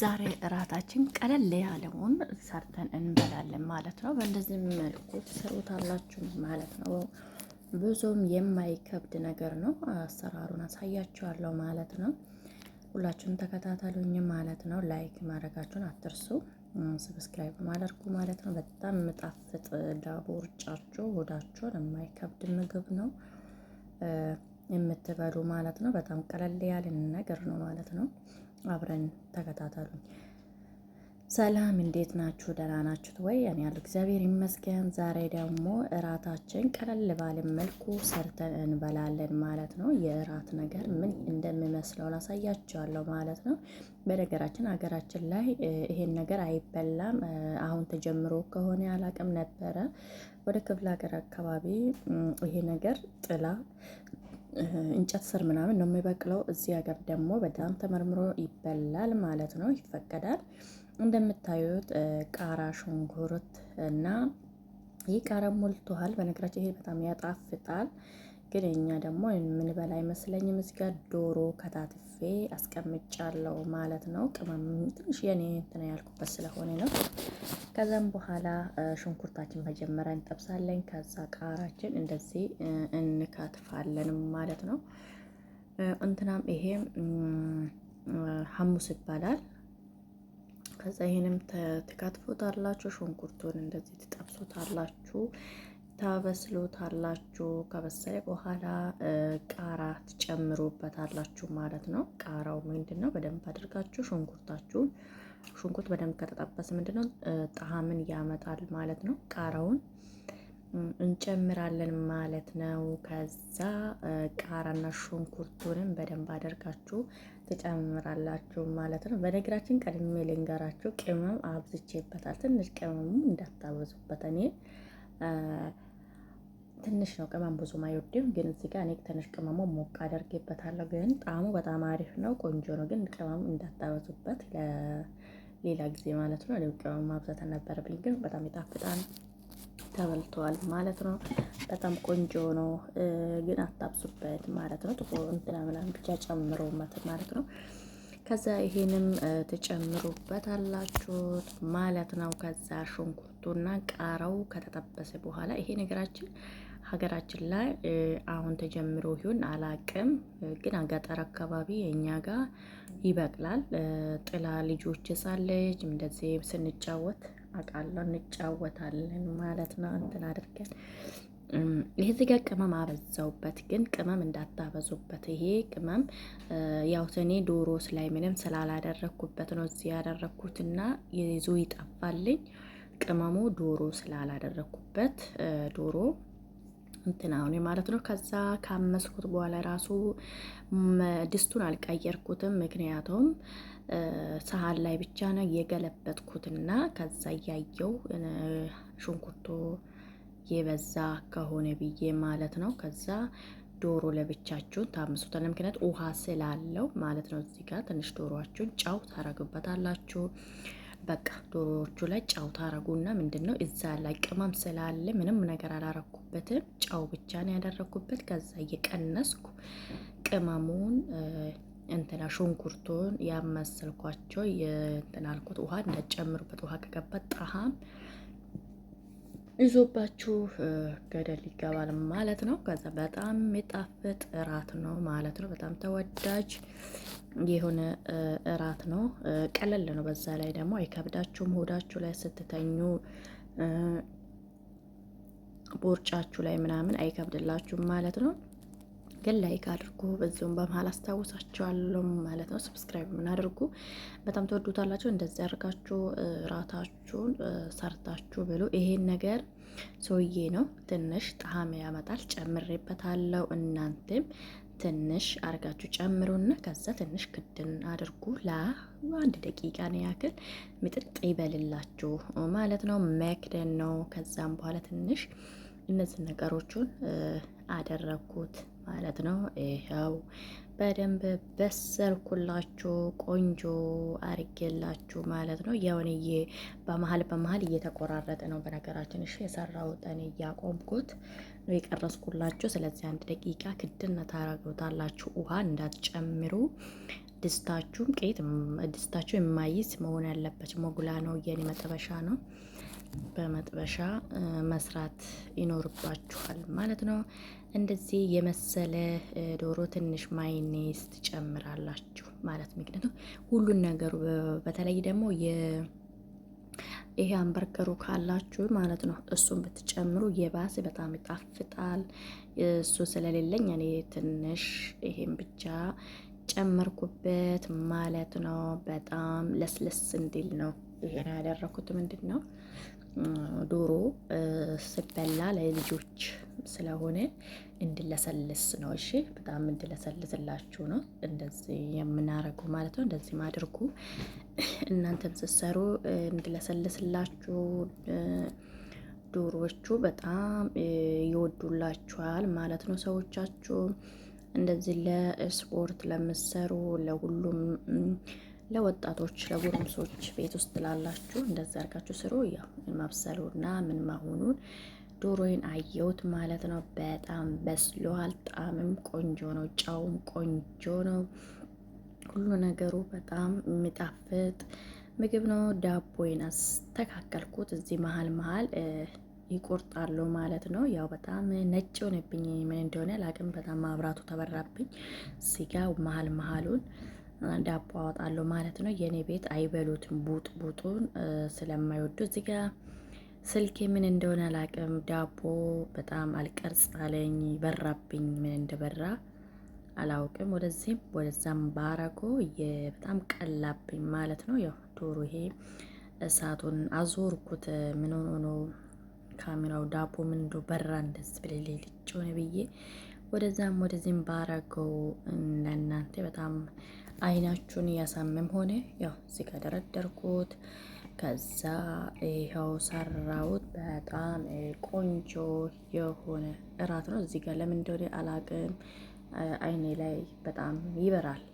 ዛሬ እራታችን ቀለል ያለውን ሰርተን እንበላለን ማለት ነው። በእንደዚህ መልኩ ትሰሩታላችሁ ማለት ነው። ብዙም የማይከብድ ነገር ነው። አሰራሩን አሳያችኋለሁ ማለት ነው። ሁላችሁም ተከታተሉኝ ማለት ነው። ላይክ ማድረጋችሁን አትርሱ፣ ሰብስክራይብ ማድረጉ ማለት ነው። በጣም ምጣፍጥ ዳቦ ርጫችሁ ሆዳችሁን የማይከብድ ምግብ ነው። የምትበሉ ማለት ነው። በጣም ቀለል ያለ ነገር ነው ማለት ነው። አብረን ተከታተሉኝ። ሰላም እንዴት ናችሁ? ደህና ናችሁት ወይ? እኔ ያለው እግዚአብሔር ይመስገን። ዛሬ ደግሞ እራታችን ቀለል ባለ መልኩ ሰርተን እንበላለን ማለት ነው። የእራት ነገር ምን እንደሚመስለው አሳያችኋለሁ ማለት ነው። በነገራችን ሀገራችን ላይ ይሄን ነገር አይበላም። አሁን ተጀምሮ ከሆነ አላቅም ነበረ። ወደ ክፍለ ሀገር አካባቢ ይሄ ነገር ጥላ እንጨት ስር ምናምን ነው የሚበቅለው። እዚህ ሀገር ደግሞ በጣም ተመርምሮ ይበላል ማለት ነው፣ ይፈቀዳል። እንደምታዩት ቃራ፣ ሽንኩርት እና ይህ ቃራ ሞልቶሃል። በነገራችን ይሄ በጣም ያጣፍጣል። ግን እኛ ደግሞ የምንበላ አይመስለኝም። እዚህ ጋር ዶሮ ከታትፌ አስቀምጫለሁ ማለት ነው። ቅመም ትንሽ የኔ እንትን ያልኩበት ስለሆነ ነው። ከዛም በኋላ ሽንኩርታችን መጀመሪያ እንጠብሳለን። ከዛ ቃራችን እንደዚህ እንከትፋለን ማለት ነው። እንትናም ይሄ ሀሙስ ይባላል። ከዛ ይህንም ትከትፉታላችሁ። ሽንኩርቱን እንደዚህ ትጠብሱታላችሁ። ታበስሉታላችሁ። ከበሰለ በኋላ ቃራ ትጨምሩበታላችሁ ማለት ነው። ቃራው ምንድን ነው? በደንብ አድርጋችሁ ሽንኩርታችሁን ሽንኩርት በደንብ ከተጠበሰ ምንድን ነው ጣዕምን ያመጣል ማለት ነው። ቃራውን እንጨምራለን ማለት ነው። ከዛ ቃራና ሽንኩርቱንም በደንብ አድርጋችሁ ትጨምራላችሁ ማለት ነው። በነገራችን ቀድሜ ልንገራችሁ፣ ቅመም አብዝቼበታል። ትንሽ ቅመሙ እንዳታበዙበት እኔ ትንሽ ነው ቅመም ብዙ አይወድም፣ ግን እዚህ ጋር እኔ ትንሽ ቅመሙ ሞቅ አደርግበታለሁ። ግን ጣዕሙ በጣም አሪፍ ነው፣ ቆንጆ ነው። ግን ቅመም እንዳታበዙበት ለሌላ ጊዜ ማለት ነው። እኔም ቅመም ማብዛት ነበረብኝ፣ ግን በጣም ይጣፍጣል። ተበልተዋል ማለት ነው። በጣም ቆንጆ ነው፣ ግን አታብዙበት ማለት ነው። ጥቁር እንትና ምናምን ብቻ ጨምሮበት ማለት ነው። ከዛ ይሄንም ትጨምሩበት አላችሁት ማለት ነው። ከዛ ሽንኩርት ሽቶና ቃራው ከተጠበሰ በኋላ ይሄ ነገራችን ሀገራችን ላይ አሁን ተጀምሮ ይሁን አላቅም፣ ግን ገጠር አካባቢ የእኛ ጋር ይበቅላል። ጥላ ልጆች ሳለች እንደዚህ ስንጫወት አቃላ እንጫወታለን ማለት ነው። እንትን አድርገን ይሄ ዚጋ ቅመም አበዛውበት፣ ግን ቅመም እንዳታበዙበት። ይሄ ቅመም ያው እኔ ዶሮስ ላይ ምንም ስላላደረግኩበት ነው እዚህ ያደረግኩትና ይዞ ይጠፋልኝ። ቅመሙ ዶሮ ስላላደረግኩበት ዶሮ እንትን አሁን ማለት ነው። ከዛ ካመስኩት በኋላ ራሱ ድስቱን አልቀየርኩትም። ምክንያቱም ሰሃን ላይ ብቻ ነው የገለበጥኩትና ከዛ እያየው ሽንኩርቱ የበዛ ከሆነ ብዬ ማለት ነው። ከዛ ዶሮ ለብቻችሁን ታምሱታል። ምክንያት ውሃ ስላለው ማለት ነው። እዚህ ጋር ትንሽ ዶሮአችሁን ጨው ታረግበታላችሁ። በቃ ዶሮዎቹ ላይ ጫው ታረጉና ምንድን ነው እዛ ላይ ቅመም ስላለ ምንም ነገር አላረኩበትም። ጫው ብቻ ነው ያደረኩበት። ከዛ እየቀነስኩ ቅመሙን እንትና ሽንኩርቱን ያመሰልኳቸው እንትን ውሃ እንዳጨምሩበት ውሃ ከገባት ጣሃም ይዞባችሁ ገደል ይገባል ማለት ነው። ከዛ በጣም የሚጣፍጥ እራት ነው ማለት ነው። በጣም ተወዳጅ የሆነ እራት ነው። ቀለል ነው። በዛ ላይ ደግሞ አይከብዳችሁም። ሆዳችሁ ላይ ስትተኙ ቦርጫችሁ ላይ ምናምን አይከብድላችሁም ማለት ነው። ግን ላይክ አድርጉ። በዚሁም በመሀል አስታውሳችኋለሁ ማለት ነው። ሰብስክራይብ ምን አድርጉ። በጣም ትወዱታላችሁ። እንደዚህ አድርጋችሁ ራታችሁን ሰርታችሁ ብሎ ይሄን ነገር ሰውዬ ነው ትንሽ ጣዕም ያመጣል። ጨምሬበታለሁ። እናንተም ትንሽ አርጋችሁ ጨምሩና ከዛ ትንሽ ክድን አድርጉ። ለአንድ ደቂቃ ነው ያክል ምጥጥ ይበልላችሁ ማለት ነው። መክደን ነው። ከዛም በኋላ ትንሽ እነዚህ ነገሮቹን አደረግኩት። ማለት ነው። ይኸው በደንብ በሰርኩላችሁ ቆንጆ አርጌላችሁ ማለት ነው። ያውን በመሀል በመሀል እየተቆራረጠ ነው በነገራችን እሺ። የሰራሁትን እያቆምኩት ነው የቀረስኩላችሁ። ስለዚህ አንድ ደቂቃ ክድን ታረጉታላችሁ። ውሃ እንዳትጨምሩ። ድስታችሁም ቄት ድስታችሁ የማይስ መሆን ያለበት ሞጉላ ነው፣ የኔ መጥበሻ ነው። በመጥበሻ መስራት ይኖርባችኋል ማለት ነው። እንደዚህ የመሰለ ዶሮ ትንሽ ማይኔስ ትጨምራላችሁ ማለት ምክንያቱም ሁሉን ነገሩ በተለይ ደግሞ ይሄ አንበርከሩ ካላችሁ ማለት ነው። እሱን ብትጨምሩ የባሰ በጣም ይጣፍጣል። እሱ ስለሌለኝ እኔ ትንሽ ይሄን ብቻ ጨመርኩበት ማለት ነው። በጣም ለስለስ እንዲል ነው ይሄን ያደረኩት። ምንድን ነው ዶሮ ስበላ ለልጆች ስለሆነ እንድለሰልስ ነው። እሺ በጣም እንድለሰልስላችሁ ነው እንደዚህ የምናረገው ማለት ነው። እንደዚህ ማድርጉ እናንተም ስትሰሩ እንድለሰልስላችሁ ዶሮዎቹ በጣም ይወዱላችኋል ማለት ነው ሰዎቻችሁ እንደዚህ ለስፖርት ለምትሰሩ ለሁሉም ለወጣቶች ለጉርምሶች ቤት ውስጥ ላላችሁ እንደዛ አርጋችሁ ስሩ። ያው መብሰሉና ምን መሆኑን ዶሮዬን አየሁት ማለት ነው። በጣም በስሏል። ጣምም ቆንጆ ነው፣ ጫውም ቆንጆ ነው። ሁሉ ነገሩ በጣም የሚጣፍጥ ምግብ ነው። ዳቦዬን አስተካከልኩት። እዚህ መሀል መሀል ይቆርጣሉ ማለት ነው። ያው በጣም ነጭ ሆነብኝ፣ ምን እንደሆነ ላቅም። በጣም ማብራቱ ተበራብኝ። ሲጋ መሀል መሀሉን ዳቦ አወጣለሁ ማለት ነው። የእኔ ቤት አይበሉትም፣ ቡጥ ቡጡን ስለማይወዱ እዚህ ጋር ስልኬ ምን እንደሆነ አላቅም። ዳቦ በጣም አልቀርጽ አለኝ፣ በራብኝ። ምን እንደበራ አላውቅም። ወደዚህም ወደዛም ባረጎ በጣም ቀላብኝ ማለት ነው። ያው ዶሮ ይሄ እሳቱን አዞርኩት። ምን ሆኖ ነው ካሜራው? ዳቦ ምን እንደ በራ እንደዚህ ብለሌ ልጭ ሆነ ብዬ ወደዛም ወደዚህም ባረገው ለእናንተ በጣም አይናችሁን እያሳመም ሆነ ያው እዚጋ ደረደርኩት። ከዛ ይኸው ሰራሁት። በጣም ቆንጆ የሆነ እራት ነው። እዚጋ ጋር ለምን እንደሆነ አላቅም፣ አይኔ ላይ በጣም ይበራል።